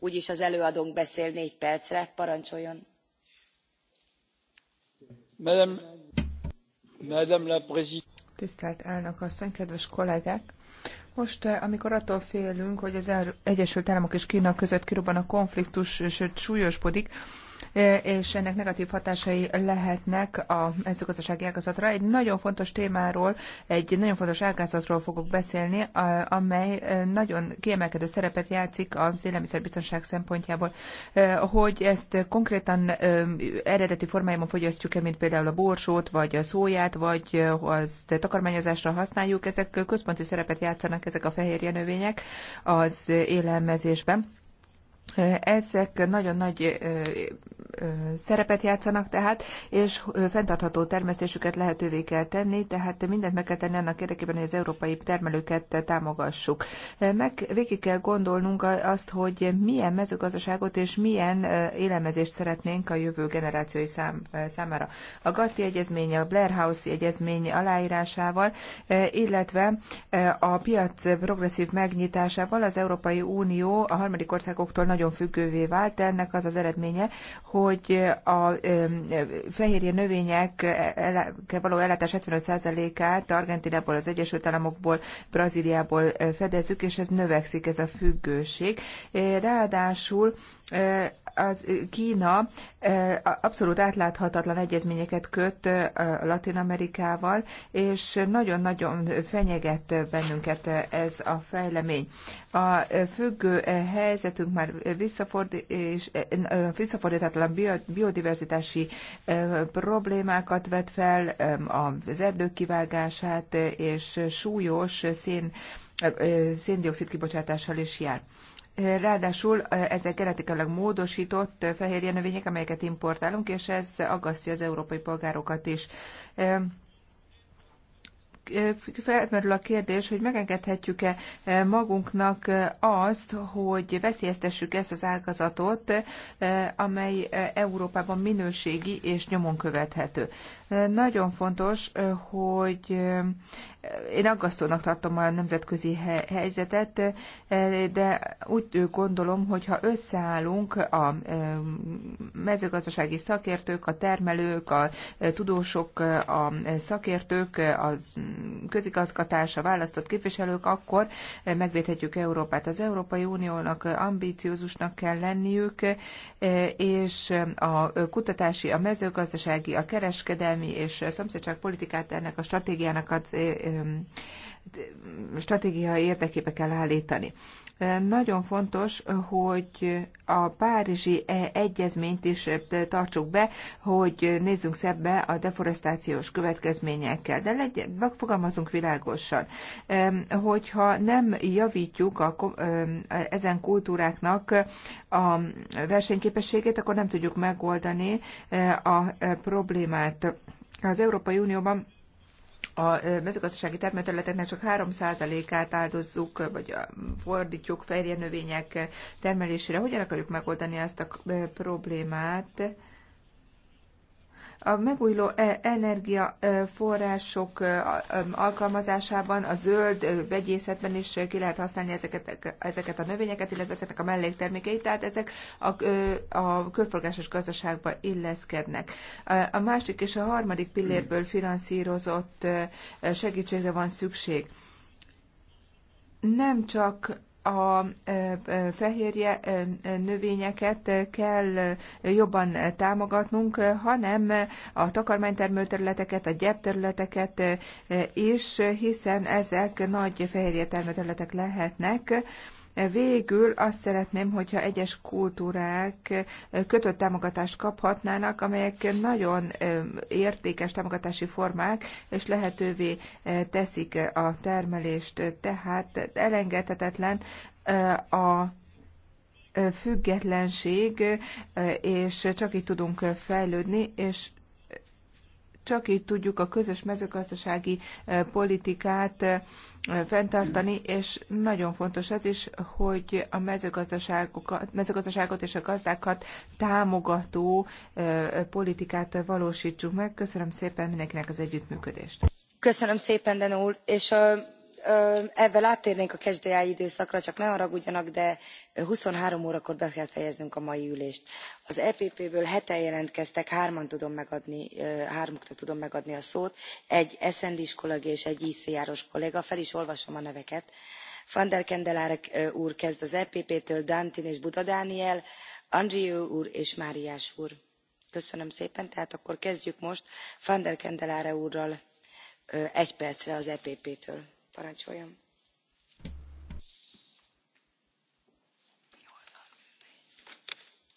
úgyis az előadónk beszél négy percre parancsoljon! tisztelt elnök asszony kedves kollégák! Most, eh, amikor attól félünk, hogy az Egyesült Államok és Kína között kirobban a konfliktus, sőt súlyosbodik, E, és ennek negatív hatásai lehetnek a mezőgazdasági ágazatra. Egy nagyon fontos témáról, egy nagyon fontos ágazatról fogok beszélni, amely e, nagyon kiemelkedő szerepet játszik az élelmiszerbiztonság szempontjából. E, hogy ezt konkrétan eredeti formájában fogyasztjuk-e, mint például a borsót, vagy a szóját, vagy azt takarmányozásra használjuk, ezek központi szerepet játszanak ezek a fehérje növények az élelmezésben ezek nagyon nagy szerepet játszanak tehát, és fenntartható termesztésüket lehetővé kell tenni, tehát mindent meg kell tenni annak érdekében, hogy az európai termelőket támogassuk. Meg végig kell gondolnunk azt, hogy milyen mezőgazdaságot és milyen élelmezést szeretnénk a jövő generációi szám, számára. A Gatti egyezmény, a Blair House egyezmény aláírásával, illetve a piac progresszív megnyitásával az Európai Unió a harmadik országoktól nagyon nagyon függővé vált. Ennek az az eredménye, hogy a fehérje növények való ellátás 75%-át Argentinából, az Egyesült Államokból, Brazíliából eh, fedezzük, és ez növekszik, ez a függőség. Eh, ráadásul az Kína abszolút átláthatatlan egyezményeket köt Latin Amerikával, és nagyon-nagyon fenyeget bennünket ez a fejlemény. A függő helyzetünk már visszafordítatlan biodiverzitási problémákat vet fel, az erdők kivágását és súlyos szén széndiokszid kibocsátással is jár. Ráadásul ezek genetikailag módosított fehérje növények, amelyeket importálunk, és ez aggasztja az európai polgárokat is felmerül a kérdés, hogy megengedhetjük-e e, magunknak e, azt, hogy veszélyeztessük ezt az ágazatot, e, amely Európában minőségi és nyomon követhető. Nagyon fontos, hogy én aggasztónak tartom a nemzetközi helyzetet, de úgy gondolom, hogy ha összeállunk a mezőgazdasági szakértők, a termelők, a tudósok, a szakértők, az közigazgatása választott képviselők, akkor eh, megvédhetjük Európát. Az Európai Uniónak eh, ambíciózusnak kell lenniük, eh, és a kutatási, a mezőgazdasági, a kereskedelmi és szomszédságpolitikát ennek a stratégiának az stratégiai érdekébe kell állítani. Nagyon fontos, hogy a Párizsi egyezményt is tartsuk be, hogy nézzünk szebbe a deforestációs következményekkel, de legyen, fogalmazunk világosan. Hogyha nem javítjuk a, ezen kultúráknak a versenyképességét, akkor nem tudjuk megoldani eh, a eh, problémát. Az Európai Unióban a mezőgazdasági termőterületeknek csak 3%-át áldozzuk, vagy fordítjuk fehérje növények termelésére. Hogyan akarjuk megoldani ezt a problémát? A megújuló e, energiaforrások e, e, alkalmazásában a zöld vegyészetben is ki lehet használni ezeket, ezeket a növényeket, illetve ezeknek a melléktermékeit, tehát ezek a, a körforgásos gazdaságba illeszkednek. A másik és a harmadik pillérből finanszírozott segítségre van szükség. Nem csak a fehérje növényeket kell jobban támogatnunk, hanem a takarmánytermő területeket, a gyep területeket is, hiszen ezek nagy fehérje termő területek lehetnek, E végül azt szeretném, hogyha egyes kultúrák kötött támogatást kaphatnának, amelyek nagyon értékes támogatási formák, és lehetővé teszik a termelést. Tehát elengedhetetlen a függetlenség, és csak így tudunk fejlődni, és csak így tudjuk a közös mezőgazdasági politikát fenntartani, és nagyon fontos az is, hogy a mezőgazdaságokat, mezőgazdaságot és a gazdákat támogató politikát valósítsuk meg. Köszönöm szépen mindenkinek az együttműködést. Köszönöm szépen, Denó úr, és a ezzel áttérnénk a catch the eye időszakra csak ne haragudjanak de twenty three órakor be kell fejeznünk a mai ülést. az epp ből heten jelentkeztek hármuknak tudom megadni a szót egy d s kolléga és egy ecr os kolléga fel is olvasom a neveket van der kendelare úr kezd az epp től dantin és buda dániel andrieu úr és marias úr. köszönöm szépen tehát akkor kezdjük most van der kendelare úrral egy percre az epp től parancsoljon!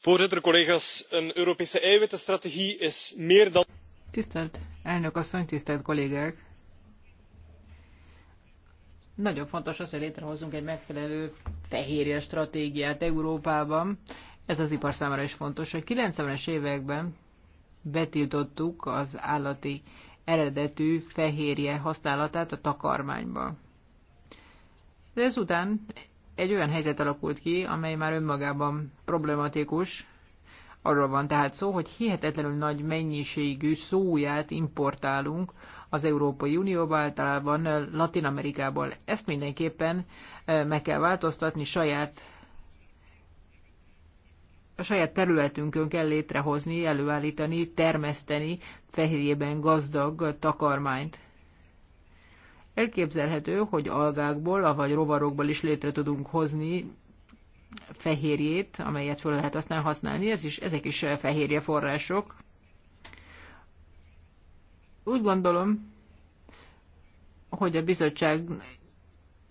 voorzitter collega's een europese eiwittenstrategie is meer dan. tisztelt elnök asszony tisztelt kollégák! nagyon fontos az hogy létrehozzunk egy megfelelő fehérje stratégiát európában. ez az ipar számára is fontos. a 90-es években betiltottuk az állati eredetű fehérje használatát a takarmányban. De ezután egy olyan helyzet alakult ki, amely már önmagában problematikus. Arról van tehát szó, hogy hihetetlenül nagy mennyiségű szóját importálunk az Európai Unióba, általában Latin Amerikából. Ezt mindenképpen eh, meg kell változtatni, saját a saját területünkön kell létrehozni, előállítani, termeszteni fehérjében gazdag takarmányt. Elképzelhető, hogy algákból, vagy rovarokból is létre tudunk hozni fehérjét, amelyet föl lehet aztán használni, Ez is, ezek is fehérje források. Úgy gondolom, hogy a bizottság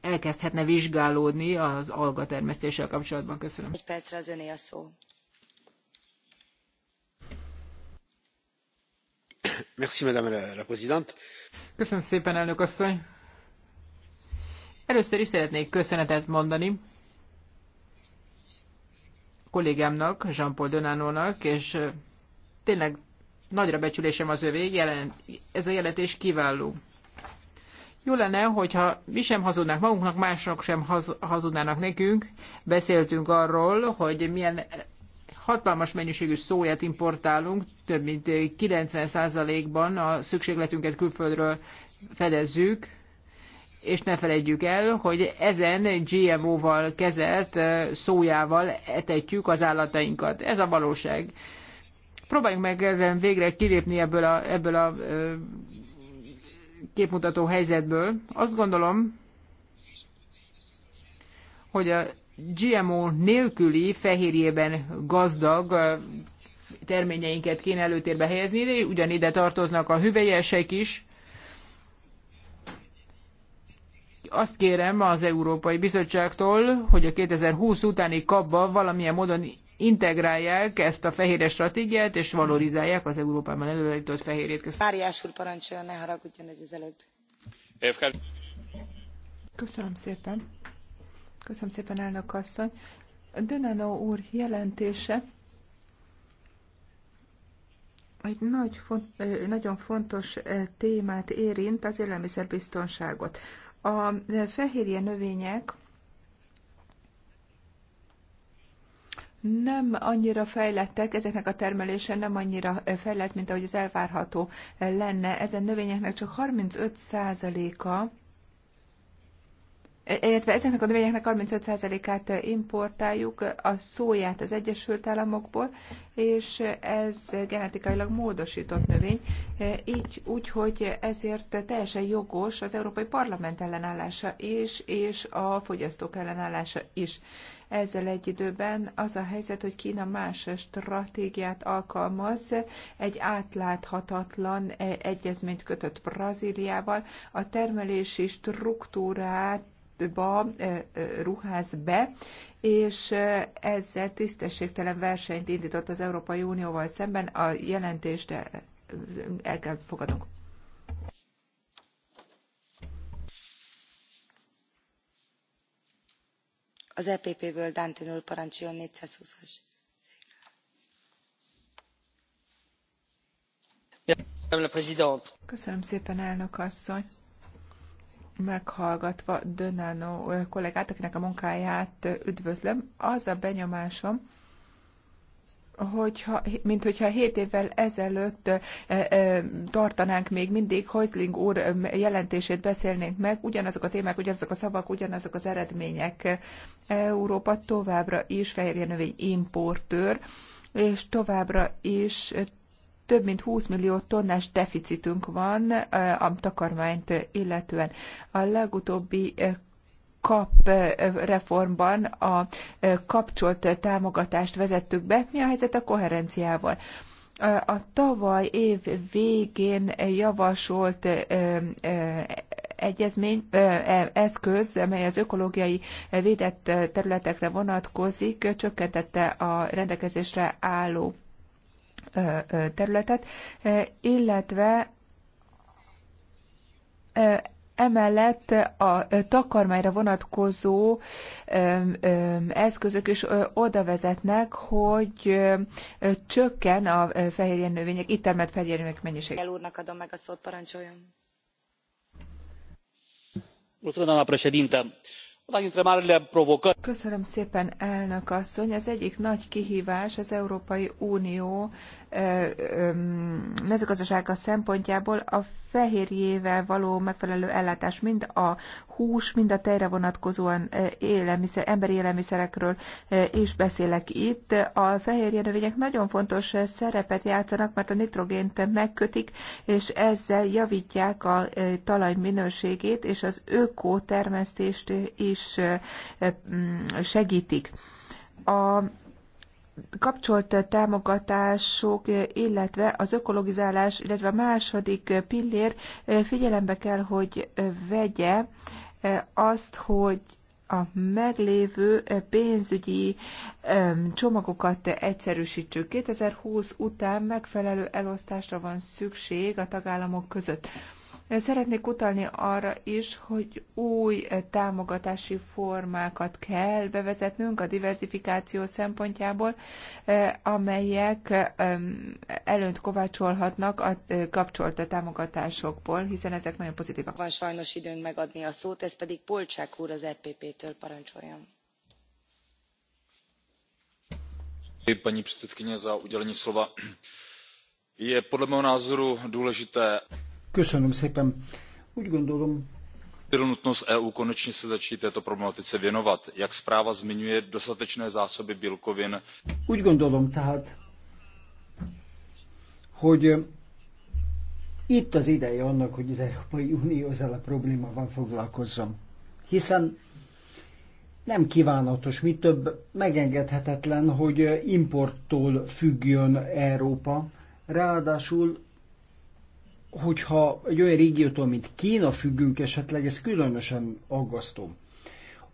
elkezdhetne vizsgálódni az algatermesztéssel kapcsolatban. Köszönöm. Egy percre az öné a szó. Köszönöm szépen, elnök asszony! Először is szeretnék köszönetet mondani kollégámnak, Jean-Paul Donanónak és tényleg nagyra becsülésem az övé, jelent, ez a jelentés kiváló. Jó lenne, hogyha mi sem hazudnánk magunknak, mások sem haz, hazudnának nekünk. Beszéltünk arról, hogy milyen hatalmas mennyiségű szóját importálunk, több mint 90%-ban a szükségletünket külföldről fedezzük, és ne felejtjük el, hogy ezen GMO-val kezelt szójával etetjük az állatainkat. Ez a valóság. Próbáljunk meg végre kilépni ebből a, ebből a képmutató helyzetből. Azt gondolom, hogy a GMO nélküli fehérjében gazdag terményeinket kéne előtérbe helyezni, de ugyanide tartoznak a hüvelyesek is. Azt kérem az Európai Bizottságtól, hogy a 2020 utáni kapba valamilyen módon integrálják ezt a fehérje stratégiát, és valorizálják az Európában előállított fehérjét. Köszönöm. Máriás úr parancsoljon, ne haragudjon ez az előbb. Köszönöm szépen. Köszönöm szépen, elnök asszony. Dönenó úr jelentése egy nagy, nagyon fontos témát érint, az élelmiszerbiztonságot. A fehérje növények nem annyira fejlettek, ezeknek a termelése nem annyira fejlett, mint ahogy az elvárható lenne. Ezen növényeknek csak 35%-a illetve ezeknek a növényeknek 35%-át importáljuk, a szóját az Egyesült Államokból, és ez genetikailag módosított növény, így úgyhogy ezért teljesen jogos az Európai Parlament ellenállása is, és a fogyasztók ellenállása is. Ezzel egy időben az a helyzet, hogy Kína más stratégiát alkalmaz, egy átláthatatlan eh, egyezményt kötött Brazíliával, a termelési struktúrát ba ruház be, és ezzel tisztességtelen versenyt indított az Európai Unióval szemben. A jelentést el kell fogadnunk. az epp ből dantin úr parancsoljon négyszázhúszas. köszönöm szépen elnök asszony! meghallgatva Dönano kollégát, akinek a munkáját üdvözlöm. Az a benyomásom, hogyha, mint hogyha 7 évvel ezelőtt tartanánk még mindig Heusling úr jelentését beszélnénk meg, ugyanazok a témák, ugyanazok a szavak, ugyanazok az eredmények. Európa továbbra is fehérjenövény importőr, és továbbra is több mint 20 millió tonnás deficitünk van a takarmányt illetően. A legutóbbi kap reformban a kapcsolt támogatást vezettük be. Mi a helyzet a koherenciával? A tavaly év végén javasolt egyezmény, e, eszköz, amely az ökológiai védett területekre vonatkozik, csökkentette a rendelkezésre álló területet, illetve emellett a takarmányra vonatkozó eszközök is oda vezetnek, hogy csökken a fehérje növények, itt termelt fehérje növények mennyiség. El úrnak adom meg a szót, parancsoljon. Köszönöm, a președinte. Köszönöm szépen, elnök asszony. Az egyik nagy kihívás az Európai Unió mezőgazdasága szempontjából a fehérjével való megfelelő ellátás mind a hús, mind a tejre vonatkozóan élelmiszer, emberi élelmiszerekről is beszélek itt. A fehérje növények nagyon fontos szerepet játszanak, mert a nitrogént megkötik, és ezzel javítják a talaj minőségét, és az öko is segítik. A kapcsolt támogatások, illetve az ökologizálás, illetve a második pillér figyelembe kell, hogy vegye azt, hogy a meglévő pénzügyi csomagokat egyszerűsítsük. 2020 után megfelelő elosztásra van szükség a tagállamok között. Szeretnék utalni arra is, hogy új támogatási formákat kell bevezetnünk a diversifikáció szempontjából, eh, amelyek előnt kovácsolhatnak a eh, kapcsolt támogatásokból, hiszen ezek nagyon pozitívak. Van sajnos időnk megadni a szót, ez pedig Polcsák úr az EPP-től parancsoljon. paní slova. je podle mého názoru důležité Köszönöm szépen. Úgy gondolom, podpořil nutnost eu konečně se začít této problematice věnovat. jak zpráva zmiňuje dostatečné zásoby bílkovin. úgy gondolom tehát hogy itt az ideje annak, hogy az Európai Unió ezzel a problémával foglalkozzon. Hiszen nem kívánatos, mi több megengedhetetlen, hogy importtól függjön Európa, ráadásul hogyha egy olyan régiótól, mint Kína függünk esetleg, ez különösen aggasztó.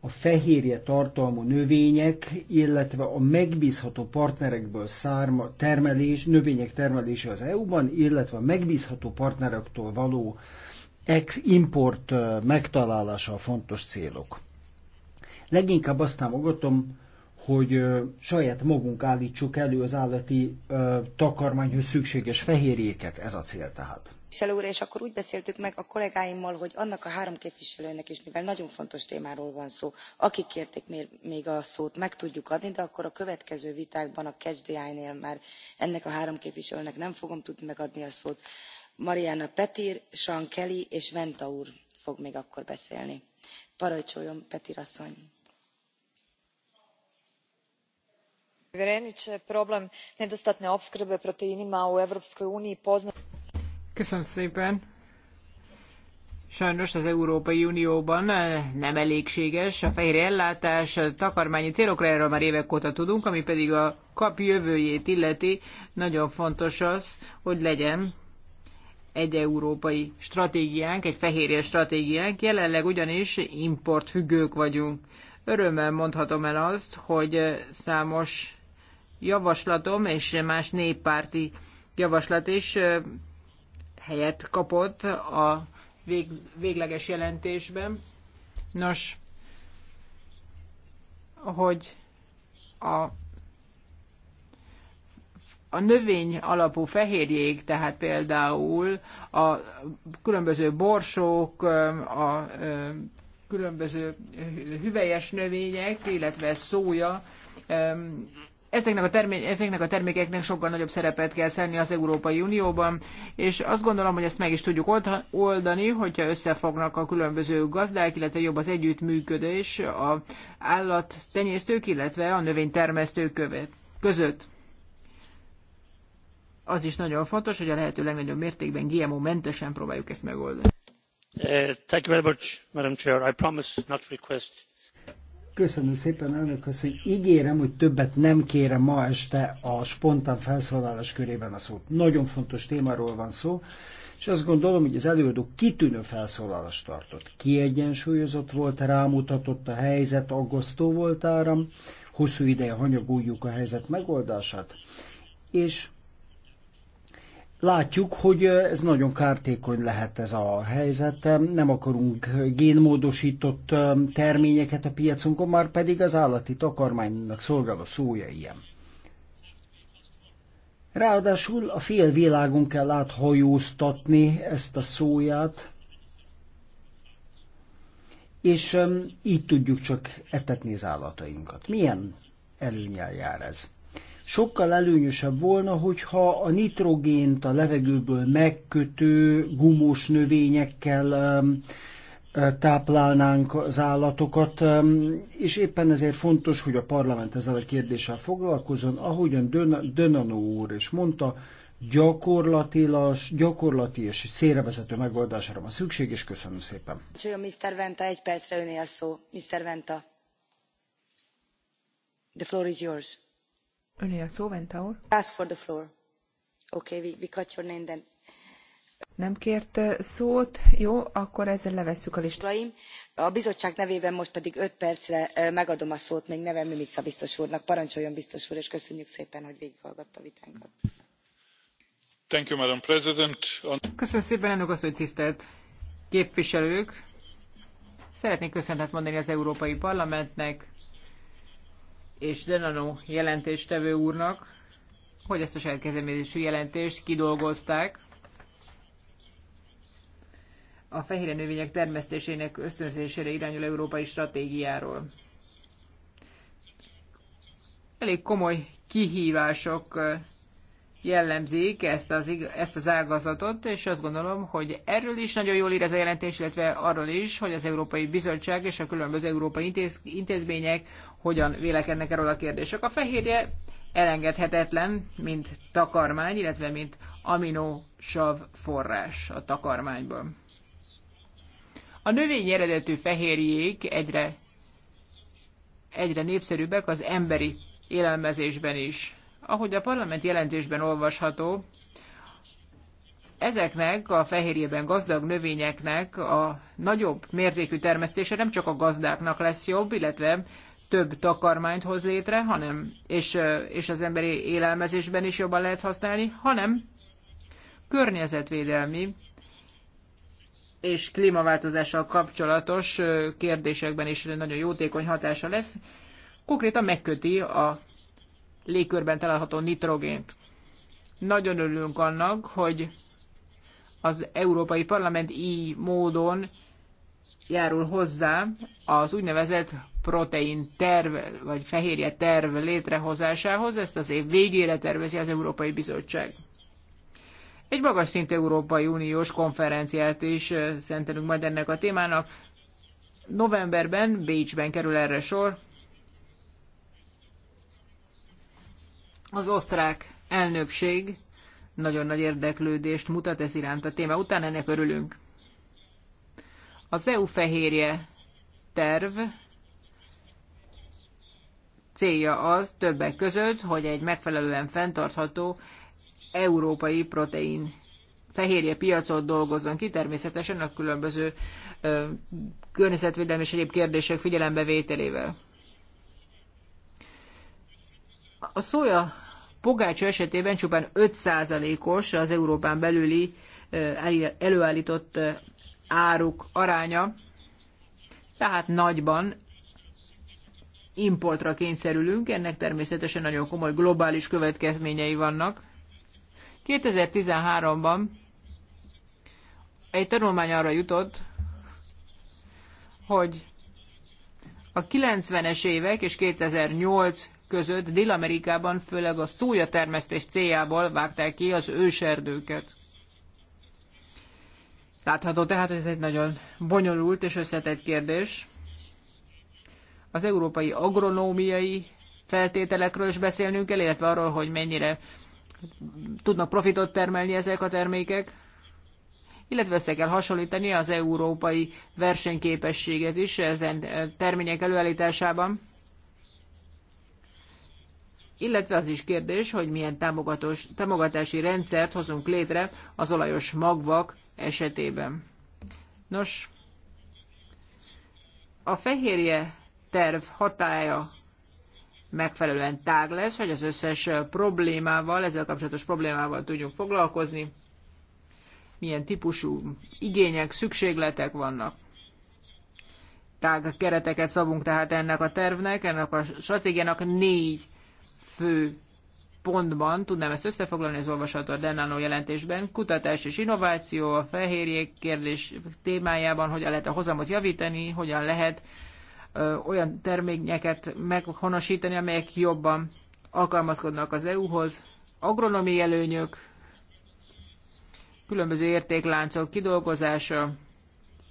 A fehérje tartalmú növények, illetve a megbízható partnerekből szárma termelés, növények termelése az EU-ban, illetve a megbízható partnerektől való ex-import megtalálása a fontos célok. Leginkább azt támogatom, hogy saját magunk állítsuk elő az állati takarmányhoz szükséges fehérjéket, ez a cél tehát. Képviselő úr, és akkor úgy beszéltük meg a kollégáimmal, hogy annak a három képviselőnek is, mivel nagyon fontos témáról van szó, akik kérték még a szót, meg tudjuk adni, de akkor a következő vitákban a KSDI-nél már ennek a három képviselőnek nem fogom tudni megadni a szót. Mariana Petir, Sean Kelly és Venta úr fog még akkor beszélni. Parajcsoljon, Petir asszony! gospodine povjereniče problem nedostatne opskrbe proteinima u europskoj uniji poznat je. Eh, a fehérje ellátás eh, már évek óta tudunk, ami pedig a illeti. Nagyon fontos az, hogy legyen egy európai stratégiánk, egy fehérje stratégiánk. ugyanis vagyunk. Örömmel mondhatom azt, hogy eh, számos javaslatom és más néppárti javaslat is helyet kapott a vég, végleges jelentésben. Nos, hogy a, a növény alapú fehérjék, tehát például a különböző borsók, a különböző hüvelyes növények, illetve szója ezeknek a, ezeknek a termékeknek sokkal nagyobb szerepet kell szenni az Európai Unióban, és azt gondolom, hogy ezt meg is tudjuk oldani, hogyha összefognak a különböző gazdák, illetve jobb az együttműködés a állattenyésztők, illetve a növénytermesztők között. Az is nagyon fontos, hogy a lehető legnagyobb mértékben GMO-mentesen próbáljuk ezt megoldani. Uh, thank you very much, Madam Chair. I promise not to request Köszönöm szépen, elnök hogy ígérem, hogy többet nem kérem ma este a spontán felszólalás körében a szót. Nagyon fontos témáról van szó, és azt gondolom, hogy az előadó kitűnő felszólalást tartott. Kiegyensúlyozott volt, rámutatott a helyzet, aggasztó volt áram, hosszú ideje hanyagoljuk a helyzet megoldását, és Látjuk, hogy ez nagyon kártékony lehet ez a helyzet. Nem akarunk génmódosított terményeket a piacunkon, már pedig az állati takarmánynak szolgáló szója ilyen. Ráadásul a fél világon kell áthajóztatni ezt a szóját, és így tudjuk csak etetni az állatainkat. Milyen előnyel jár ez? sokkal előnyösebb volna, hogyha a nitrogént a levegőből megkötő gumós növényekkel um, táplálnánk az állatokat, um, és éppen ezért fontos, hogy a parlament ezzel a kérdéssel foglalkozon. Ahogyan Dönanó úr is mondta, gyakorlatilag, gyakorlati és szélrevezető megoldására van szükség, és köszönöm szépen. Csoljon, Mr. Venta, egy percre öné a szó. Mr. Venta, the floor is yours. Öné a szó, Venta Ask for the floor. Okay, we, we cut your name then. Nem kért eh, szót, jó, akkor ezzel levesszük a listáim. A bizottság nevében most pedig 5 percre eh, megadom a szót még nevem Mimica biztos úrnak. Parancsoljon biztos úr, és köszönjük szépen, hogy végighallgatta a vitánkat. Thank you, Madam President. On... Köszönöm szépen, elnök asszony, tisztelt képviselők! Szeretnék köszönetet mondani az Európai Parlamentnek, és Denano jelentéstevő úrnak, hogy ezt a saját jelentést kidolgozták. A fehér növények termesztésének ösztönzésére irányul európai stratégiáról. Elég komoly kihívások jellemzik ezt az, ezt az ágazatot, és azt gondolom, hogy erről is nagyon jól ír ez a jelentés, illetve arról is, hogy az Európai Bizottság és a különböző európai intéz, intézmények hogyan vélekednek erről a kérdések. A fehérje elengedhetetlen, mint takarmány, illetve mint aminosav forrás a takarmányban. A növény eredetű fehérjék egyre, egyre népszerűbbek az emberi élelmezésben is. Ahogy a parlament jelentésben olvasható, ezeknek a fehérjében gazdag növényeknek a nagyobb mértékű termesztése nem csak a gazdáknak lesz jobb, illetve több takarmányt hoz létre, hanem, és, és az emberi élelmezésben is jobban lehet használni, hanem környezetvédelmi és klímaváltozással kapcsolatos kérdésekben is nagyon jótékony hatása lesz. Konkrétan megköti a légkörben található nitrogént. Nagyon örülünk annak, hogy az Európai Parlament így módon járul hozzá az úgynevezett protein terv, vagy fehérje terv létrehozásához, ezt az év végére tervezi az Európai Bizottság. Egy magas szintű Európai Uniós konferenciát is eh, szentelünk majd ennek a témának. Novemberben Bécsben kerül erre sor. Az osztrák elnökség nagyon nagy érdeklődést mutat ez iránt a téma után, ennek örülünk. Az EU fehérje terv célja az többek között, hogy egy megfelelően fenntartható európai protein fehérje piacot dolgozzon ki, természetesen a különböző ö, környezetvédelmi és egyéb kérdések figyelembevételével. A szója pogácsa esetében csupán 5%-os az Európán belüli előállított áruk aránya, tehát nagyban importra kényszerülünk, ennek természetesen nagyon komoly globális következményei vannak. 2013-ban egy tanulmány arra jutott, hogy a 90-es évek és 2008 között Dél-Amerikában főleg a szója termesztés céljából vágták ki az őserdőket. Látható tehát, hogy ez egy nagyon bonyolult és összetett kérdés. Az európai agronómiai feltételekről is beszélnünk kell, illetve arról, hogy mennyire tudnak profitot termelni ezek a termékek, illetve össze kell hasonlítani az európai versenyképességet is ezen termények előállításában illetve az is kérdés, hogy milyen támogatós, támogatási rendszert hozunk létre az olajos magvak esetében. Nos, a fehérje terv hatája megfelelően tág lesz, hogy az összes problémával, ezzel kapcsolatos problémával tudjunk foglalkozni, milyen típusú igények, szükségletek vannak. Tág kereteket szabunk tehát ennek a tervnek, ennek a stratégiának négy fő pontban tudnám ezt összefoglalni az olvasható a Denano jelentésben. Kutatás és innováció a fehérjék kérdés témájában, hogyan lehet a hozamot javítani, hogyan lehet ö, olyan termékeket meghonosítani, amelyek jobban alkalmazkodnak az EU-hoz. Agronomi előnyök, különböző értékláncok kidolgozása,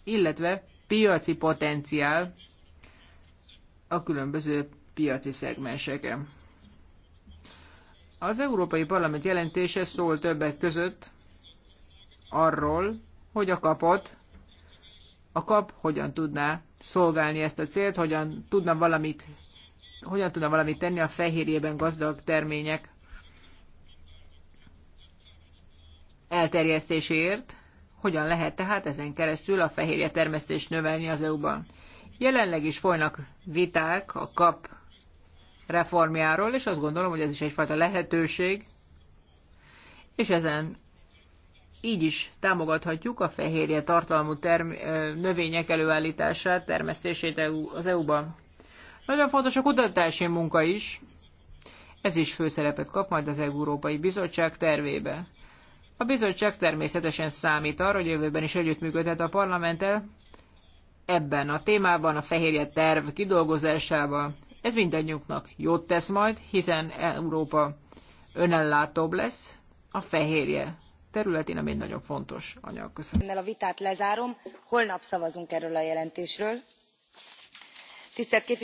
illetve piaci potenciál a különböző piaci szegmenseken. Az Európai Parlament jelentése szól többek között arról, hogy a kapot, a kap hogyan tudná szolgálni ezt a célt, hogyan tudna valamit, hogyan tudna valamit tenni a fehérjében gazdag termények elterjesztéséért, hogyan lehet tehát ezen keresztül a fehérje termesztést növelni az EU-ban. Jelenleg is folynak viták a kap reformjáról, és azt gondolom, hogy ez is egyfajta lehetőség, és ezen így is támogathatjuk a fehérje tartalmú term- növények előállítását, termesztését az EU-ban. Nagyon fontos a kutatási munka is, ez is főszerepet kap majd az Európai Bizottság tervébe. A bizottság természetesen számít arra, hogy jövőben is együttműködhet a parlamenttel ebben a témában, a fehérje terv kidolgozásában. Ez mindannyiunknak jót tesz majd, hiszen Európa önellátóbb lesz, a fehérje területén, ami egy nagyon fontos anyag. Köszönöm. Ennel a vitát lezárom, holnap szavazunk erről a jelentésről. Tisztelt